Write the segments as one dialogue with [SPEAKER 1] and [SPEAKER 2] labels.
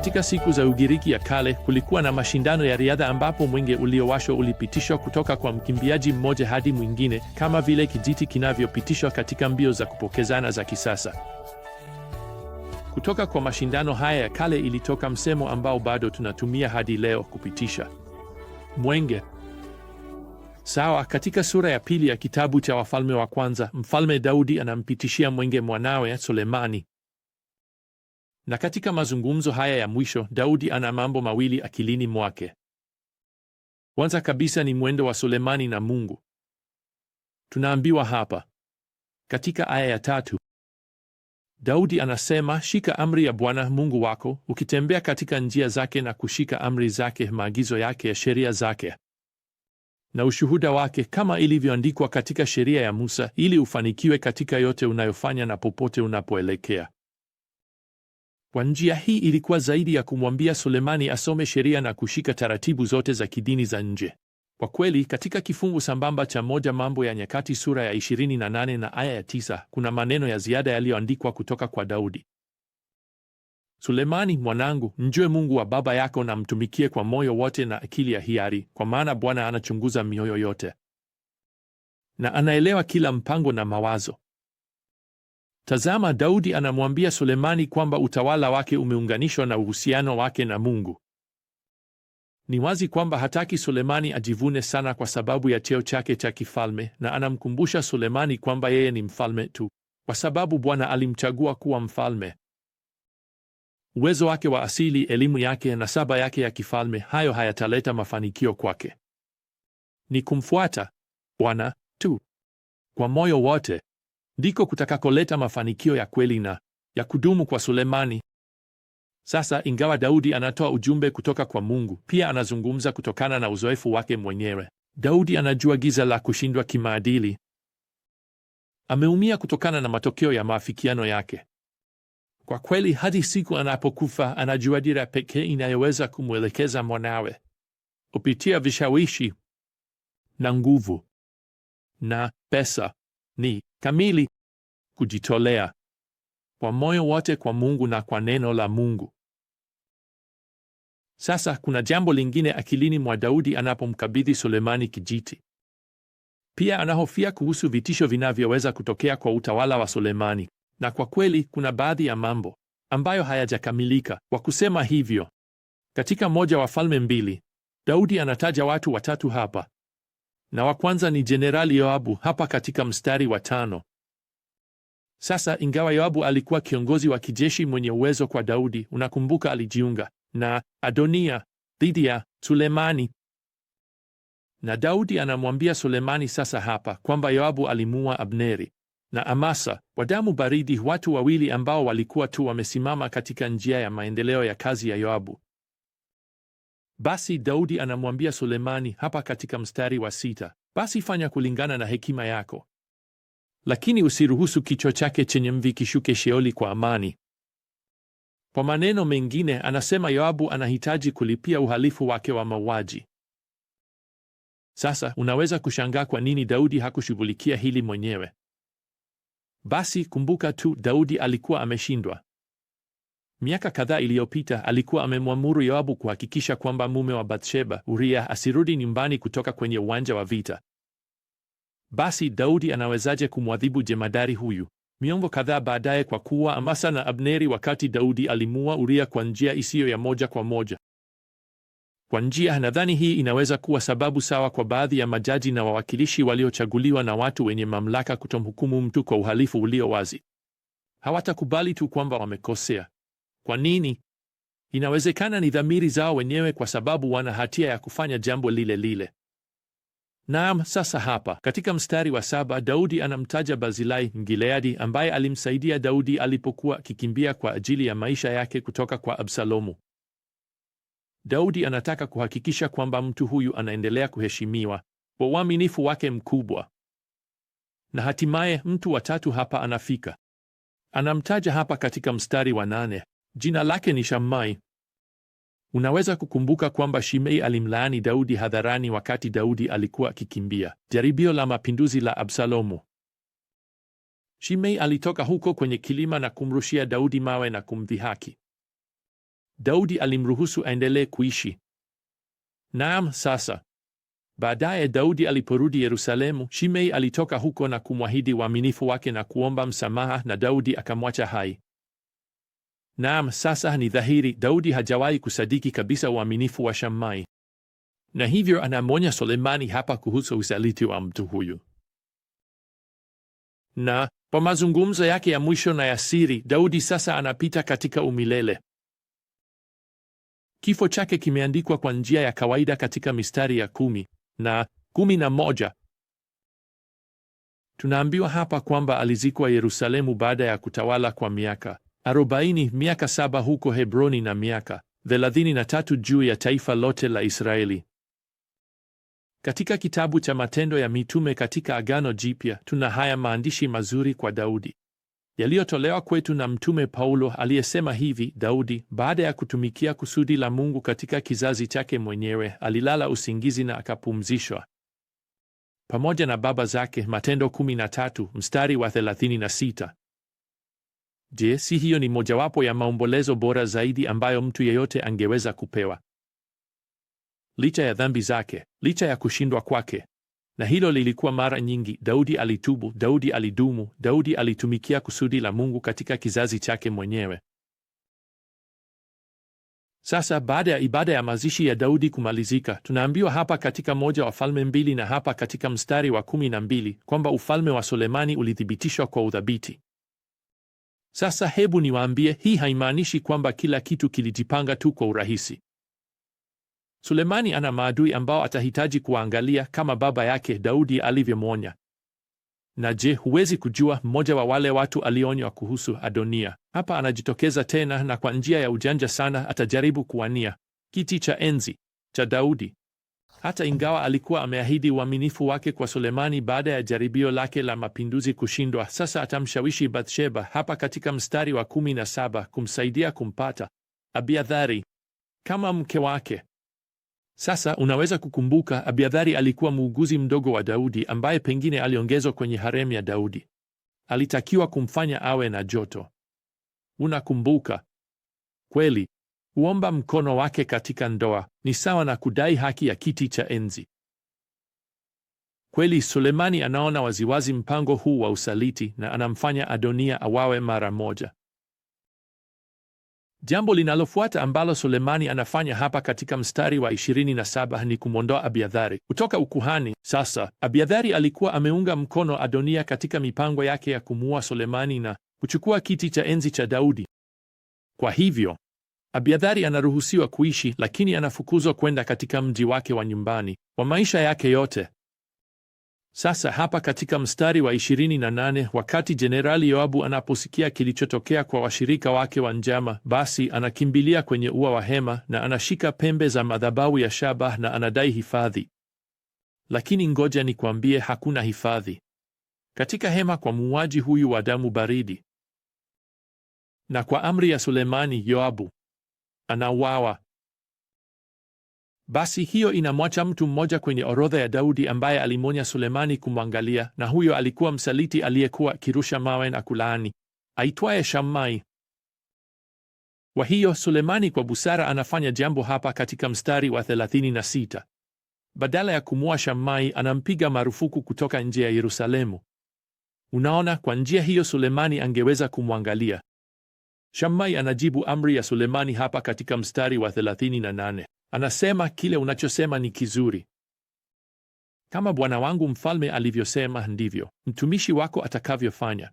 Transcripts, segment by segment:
[SPEAKER 1] Katika siku za Ugiriki ya kale kulikuwa na mashindano ya riadha ambapo mwenge uliowashwa ulipitishwa kutoka kwa mkimbiaji mmoja hadi mwingine kama vile kijiti kinavyopitishwa katika mbio za kupokezana za kisasa. Kutoka kwa mashindano haya ya kale ilitoka msemo ambao bado tunatumia hadi leo, kupitisha mwenge. Sawa, katika sura ya pili ya kitabu cha Wafalme wa Kwanza, Mfalme Daudi anampitishia mwenge mwanawe Sulemani. Na katika mazungumzo haya ya mwisho, Daudi ana mambo mawili akilini mwake. Kwanza kabisa ni mwendo wa Sulemani na Mungu. Tunaambiwa hapa katika aya ya tatu, Daudi anasema, shika amri ya Bwana Mungu wako, ukitembea katika njia zake na kushika amri zake, maagizo yake, ya sheria zake na ushuhuda wake, kama ilivyoandikwa katika sheria ya Musa, ili ufanikiwe katika yote unayofanya na popote unapoelekea. Kwa njia hii ilikuwa zaidi ya kumwambia Sulemani asome sheria na kushika taratibu zote za kidini za nje. Kwa kweli, katika kifungu sambamba cha moja Mambo ya Nyakati sura ya 28 na aya ya 9 kuna maneno ya ziada yaliyoandikwa kutoka kwa Daudi: Sulemani mwanangu, mjue Mungu wa baba yako na mtumikie kwa moyo wote na akili ya hiari, kwa maana Bwana anachunguza mioyo yote na anaelewa kila mpango na mawazo. Tazama, Daudi anamwambia Sulemani kwamba utawala wake umeunganishwa na uhusiano wake na Mungu. Ni wazi kwamba hataki Sulemani ajivune sana kwa sababu ya cheo chake cha kifalme, na anamkumbusha Sulemani kwamba yeye ni mfalme tu kwa sababu Bwana alimchagua kuwa mfalme. Uwezo wake wa asili, elimu yake na saba yake ya kifalme, hayo hayataleta mafanikio kwake. Ni kumfuata Bwana tu kwa moyo wote ndiko kutakakoleta mafanikio ya kweli na ya kudumu kwa Sulemani. Sasa, ingawa Daudi anatoa ujumbe kutoka kwa Mungu, pia anazungumza kutokana na uzoefu wake mwenyewe. Daudi anajua giza la kushindwa kimaadili. Ameumia kutokana na matokeo ya maafikiano yake. Kwa kweli, hadi siku anapokufa, anajua dira pekee inayoweza kumwelekeza mwanawe kupitia vishawishi na nguvu na pesa ni kamili kujitolea kwa moyo wote kwa Mungu na kwa neno la Mungu. Sasa kuna jambo lingine akilini mwa Daudi anapomkabidhi Sulemani kijiti. Pia anahofia kuhusu vitisho vinavyoweza kutokea kwa utawala wa Sulemani, na kwa kweli kuna baadhi ya mambo ambayo hayajakamilika kwa kusema hivyo. Katika moja wa Falme mbili, Daudi anataja watu watatu hapa na wa kwanza ni Jenerali Yoabu hapa katika mstari wa tano. Sasa ingawa Yoabu alikuwa kiongozi wa kijeshi mwenye uwezo kwa Daudi, unakumbuka alijiunga na Adonia dhidi ya Sulemani, na Daudi anamwambia Sulemani sasa hapa kwamba Yoabu alimuua Abneri na Amasa wadamu damu baridi, watu wawili ambao walikuwa tu wamesimama katika njia ya maendeleo ya kazi ya Yoabu. Basi Daudi anamwambia Sulemani hapa katika mstari wa sita, basi fanya kulingana na hekima yako, lakini usiruhusu kichwa chake chenye mvi kishuke Sheoli kwa amani. Kwa maneno mengine, anasema Yoabu anahitaji kulipia uhalifu wake wa mauaji. Sasa unaweza kushangaa kwa nini Daudi hakushughulikia hili mwenyewe. Basi kumbuka tu, Daudi alikuwa ameshindwa. Miaka kadhaa iliyopita alikuwa amemwamuru Yoabu kuhakikisha kwamba mume wa Bathsheba, Uria, asirudi nyumbani kutoka kwenye uwanja wa vita. Basi Daudi anawezaje kumwadhibu jemadari huyu? Miongo kadhaa baadaye, kwa kuwa Amasa na Abneri, wakati Daudi alimua Uria kwa njia isiyo ya moja kwa moja. Kwa njia, nadhani hii inaweza kuwa sababu sawa kwa baadhi ya majaji na wawakilishi waliochaguliwa na watu wenye mamlaka kutomhukumu mtu kwa uhalifu ulio wazi. Hawatakubali tu kwamba wamekosea, kwa nini? Inawezekana ni dhamiri zao wenyewe, kwa sababu wana hatia ya kufanya jambo lile lile. Naam, sasa hapa katika mstari wa saba Daudi anamtaja bazilai Mgileadi ambaye alimsaidia Daudi alipokuwa akikimbia kwa ajili ya maisha yake kutoka kwa Absalomu. Daudi anataka kuhakikisha kwamba mtu huyu anaendelea kuheshimiwa kwa uaminifu wake mkubwa. Na hatimaye mtu wa tatu hapa anafika. Anamtaja hapa katika mstari wa nane Jina lake ni Shammai. Unaweza kukumbuka kwamba Shimei alimlaani Daudi hadharani wakati Daudi alikuwa akikimbia jaribio la mapinduzi la Absalomu. Shimei alitoka huko kwenye kilima na kumrushia Daudi mawe na kumdhihaki. Daudi alimruhusu aendelee kuishi. Naam, sasa baadaye Daudi aliporudi Yerusalemu, Shimei alitoka huko na kumwahidi waaminifu wake na kuomba msamaha, na Daudi akamwacha hai. Naam, sasa ni dhahiri Daudi hajawahi kusadiki kabisa uaminifu wa Shammai, na hivyo anamwonya Sulemani hapa kuhusu usaliti wa mtu huyu. Na kwa mazungumzo yake ya mwisho na ya siri, Daudi sasa anapita katika umilele. Kifo chake kimeandikwa kwa njia ya kawaida katika mistari ya kumi na kumi na moja. Tunaambiwa hapa kwamba alizikwa Yerusalemu baada ya kutawala kwa miaka arobaini miaka saba huko Hebroni na miaka thelathini na tatu juu ya taifa lote la Israeli. Katika kitabu cha Matendo ya Mitume katika Agano Jipya tuna haya maandishi mazuri kwa Daudi yaliyotolewa kwetu na Mtume Paulo aliyesema hivi: Daudi baada ya kutumikia kusudi la Mungu katika kizazi chake mwenyewe alilala usingizi na akapumzishwa pamoja na baba zake. Matendo 13 mstari wa 36. Je, si hiyo ni mojawapo ya maombolezo bora zaidi ambayo mtu yeyote angeweza kupewa? Licha ya dhambi zake, licha ya kushindwa kwake. Na hilo lilikuwa mara nyingi. Daudi alitubu, Daudi alidumu, Daudi alitumikia kusudi la Mungu katika kizazi chake mwenyewe. Sasa baada ya ibada ya mazishi ya Daudi kumalizika, tunaambiwa hapa katika moja falme mbili na hapa katika mstari wa kumi na mbili kwamba ufalme wa Sulemani ulithibitishwa kwa udhabiti. Sasa hebu niwaambie, hii haimaanishi kwamba kila kitu kilijipanga tu kwa urahisi. Sulemani ana maadui ambao atahitaji kuwaangalia kama baba yake Daudi alivyomwonya. Na je, huwezi kujua mmoja wa wale watu alionywa kuhusu Adonia hapa anajitokeza tena, na kwa njia ya ujanja sana atajaribu kuwania kiti cha enzi cha Daudi. Hata ingawa alikuwa ameahidi uaminifu wake kwa Sulemani baada ya jaribio lake la mapinduzi kushindwa, sasa atamshawishi Bathsheba hapa katika mstari wa kumi na saba kumsaidia kumpata Abiadhari kama mke wake. Sasa unaweza kukumbuka, Abiadhari alikuwa muuguzi mdogo wa Daudi ambaye pengine aliongezwa kwenye harem ya Daudi. Alitakiwa kumfanya awe na joto. Unakumbuka kweli? Kuomba mkono wake katika ndoa ni sawa na kudai haki ya kiti cha enzi. Kweli Sulemani anaona waziwazi mpango huu wa usaliti na anamfanya Adonia awawe mara moja. Jambo linalofuata ambalo Sulemani anafanya hapa katika mstari wa 27 ni kumwondoa Abiadhari kutoka ukuhani. Sasa Abiadhari alikuwa ameunga mkono Adonia katika mipango yake ya kumuua Sulemani na kuchukua kiti cha enzi cha Daudi. Kwa hivyo abiadhari anaruhusiwa kuishi, lakini anafukuzwa kwenda katika mji wake wa nyumbani kwa maisha yake yote. Sasa hapa katika mstari wa 28, wakati Jenerali Yoabu anaposikia kilichotokea kwa washirika wake wa njama, basi anakimbilia kwenye ua wa hema na anashika pembe za madhabahu ya shaba na anadai hifadhi. Lakini ngoja nikwambie, hakuna hifadhi katika hema kwa muuaji huyu wa damu baridi. Na kwa amri ya Sulemani, Yoabu anauawa. Basi hiyo inamwacha mtu mmoja kwenye orodha ya Daudi ambaye alimwonya Sulemani kumwangalia, na huyo alikuwa msaliti aliyekuwa akirusha mawe na kulaani, aitwaye Shammai. Kwa hiyo Sulemani kwa busara anafanya jambo hapa katika mstari wa 36. Badala ya kumua Shammai, anampiga marufuku kutoka nje ya Yerusalemu. Unaona, kwa njia hiyo Sulemani angeweza kumwangalia Shammai anajibu amri ya Sulemani hapa katika mstari wa 38. Anasema kile unachosema ni kizuri. Kama bwana wangu mfalme alivyosema, ndivyo mtumishi wako atakavyofanya.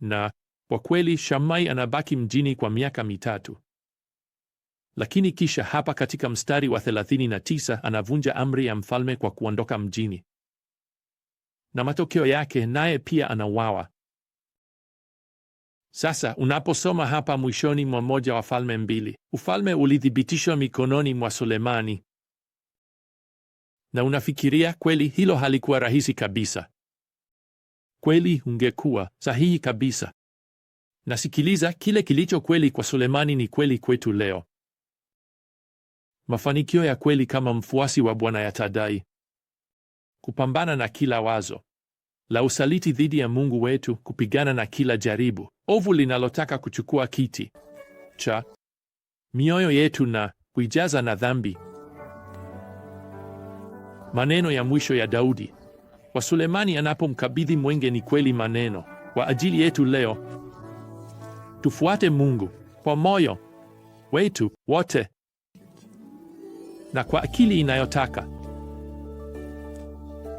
[SPEAKER 1] Na kwa kweli Shammai anabaki mjini kwa miaka mitatu. Lakini kisha hapa katika mstari wa 39 anavunja amri ya mfalme kwa kuondoka mjini, na matokeo yake naye pia anawawa. Sasa unaposoma hapa mwishoni mwa moja wa Falme mbili, ufalme ulithibitishwa mikononi mwa Sulemani, na unafikiria kweli hilo halikuwa rahisi kabisa? Kweli ungekuwa sahihi kabisa. Nasikiliza, kile kilicho kweli kwa Sulemani ni kweli kwetu leo. Mafanikio ya kweli kama mfuasi wa Bwana yatadai kupambana na kila wazo la usaliti dhidi ya Mungu wetu, kupigana na kila jaribu ovu linalotaka kuchukua kiti cha mioyo yetu na kuijaza na dhambi. Maneno ya mwisho ya Daudi kwa Sulemani anapomkabidhi mwenge ni kweli maneno kwa ajili yetu leo. Tufuate Mungu kwa moyo wetu wote na kwa akili inayotaka